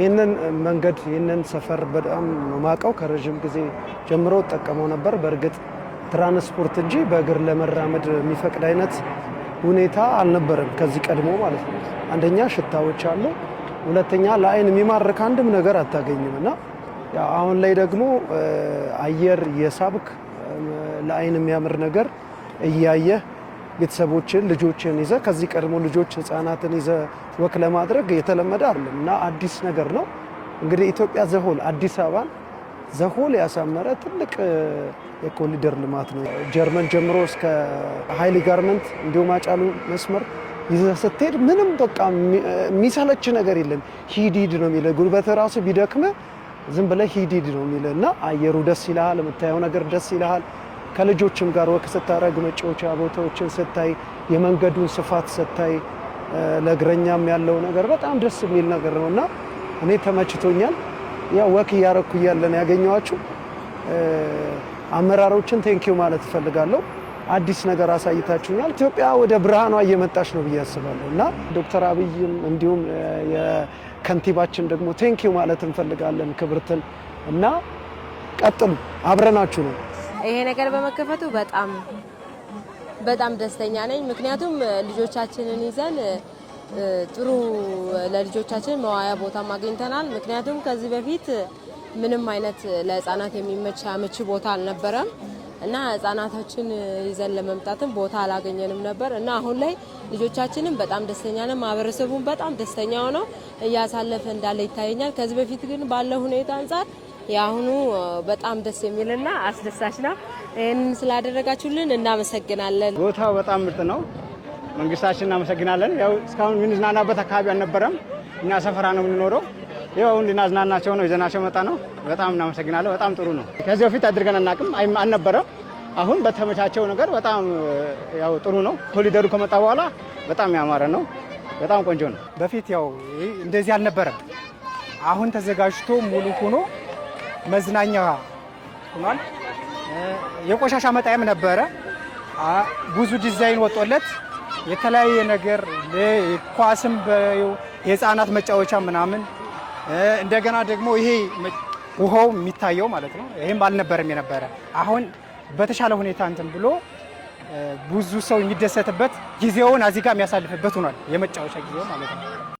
ይህንን መንገድ ይህንን ሰፈር በጣም ማቀው ከረዥም ጊዜ ጀምሮ ጠቀመው ነበር። በእርግጥ ትራንስፖርት እንጂ በእግር ለመራመድ የሚፈቅድ አይነት ሁኔታ አልነበረም ከዚህ ቀድሞ ማለት ነው። አንደኛ ሽታዎች አሉ፣ ሁለተኛ ለአይን የሚማርክ አንድም ነገር አታገኝም እና አሁን ላይ ደግሞ አየር የሳብክ ለአይን የሚያምር ነገር እያየህ ቤተሰቦችን ልጆችን ይዘ ከዚህ ቀድሞ ልጆች ህፃናትን ይዘ ወክ ለማድረግ የተለመደ አይደለም እና አዲስ ነገር ነው። እንግዲህ ኢትዮጵያ ዘሆል አዲስ አበባን ዘሆል ያሳመረ ትልቅ የኮሊደር ልማት ነው። ጀርመን ጀምሮ እስከ ሀይሊ ጋርመንት እንዲሁም አጫሉ መስመር ይዘህ ስትሄድ ምንም በቃ የሚሰለች ነገር የለም። ሂዲድ ነው የሚለ ጉልበት ራሱ ቢደክመ ዝም ብለ ሂዲድ ነው የሚለ እና አየሩ ደስ ይልሃል፣ የምታየው ነገር ደስ ይልሃል። ከልጆችም ጋር ወክ ስታደረግ መጫወቻ ቦታዎችን ስታይ፣ የመንገዱን ስፋት ስታይ፣ ለእግረኛም ያለው ነገር በጣም ደስ የሚል ነገር ነው እና እኔ ተመችቶኛል። ያው ወክ እያረኩ እያለን ያገኘኋችሁ አመራሮችን ቴንኪው ማለት እፈልጋለሁ። አዲስ ነገር አሳይታችሁኛል። ኢትዮጵያ ወደ ብርሃኗ እየመጣች ነው ብዬ አስባለሁ እና ዶክተር አብይም እንዲሁም የከንቲባችን ደግሞ ቴንኪው ማለት እንፈልጋለን ክብርትን እና ቀጥሉ አብረናችሁ ነው ይሄ ነገር በመከፈቱ በጣም በጣም ደስተኛ ነኝ። ምክንያቱም ልጆቻችንን ይዘን ጥሩ ለልጆቻችን መዋያ ቦታም አግኝተናል። ምክንያቱም ከዚህ በፊት ምንም አይነት ለህፃናት የሚመች አመቺ ቦታ አልነበረም እና ህፃናቶችን ይዘን ለመምጣትም ቦታ አላገኘንም ነበር እና አሁን ላይ ልጆቻችንም በጣም ደስተኛ ነን። ማህበረሰቡም በጣም ደስተኛ ሆነው እያሳለፈ እንዳለ ይታየኛል። ከዚህ በፊት ግን ባለው ሁኔታ አንጻር የአሁኑ በጣም ደስ የሚልና አስደሳች ነው። ይህንን ስላደረጋችሁልን እናመሰግናለን። ቦታው በጣም ምርጥ ነው። መንግስታችን እናመሰግናለን። ያው እስካሁን የምንዝናናበት አካባቢ አልነበረም። እኛ ሰፈራ ነው የምንኖረው። ይው አሁን ልናዝናናቸው ነው ይዘናቸው መጣ ነው። በጣም እናመሰግናለን። በጣም ጥሩ ነው። ከዚህ በፊት አድርገን አናውቅም፣ አልነበረም። አሁን በተመቻቸው ነገር በጣም ያው ጥሩ ነው። ኮሊደሩ ከመጣ በኋላ በጣም ያማረ ነው። በጣም ቆንጆ ነው። በፊት ያው እንደዚህ አልነበረም። አሁን ተዘጋጅቶ ሙሉ ሆኖ መዝናኛ ሆኗል። የቆሻሻ መጣያም ነበረ። ብዙ ዲዛይን ወጦለት የተለያየ ነገር ኳስም፣ የህፃናት መጫወቻ ምናምን እንደገና ደግሞ ይሄ ውሃው የሚታየው ማለት ነው። ይህም አልነበረም የነበረ አሁን በተሻለ ሁኔታ እንትን ብሎ ብዙ ሰው የሚደሰትበት ጊዜውን አዚጋ የሚያሳልፍበት ሆኗል። የመጫወቻ ጊዜው ማለት ነው።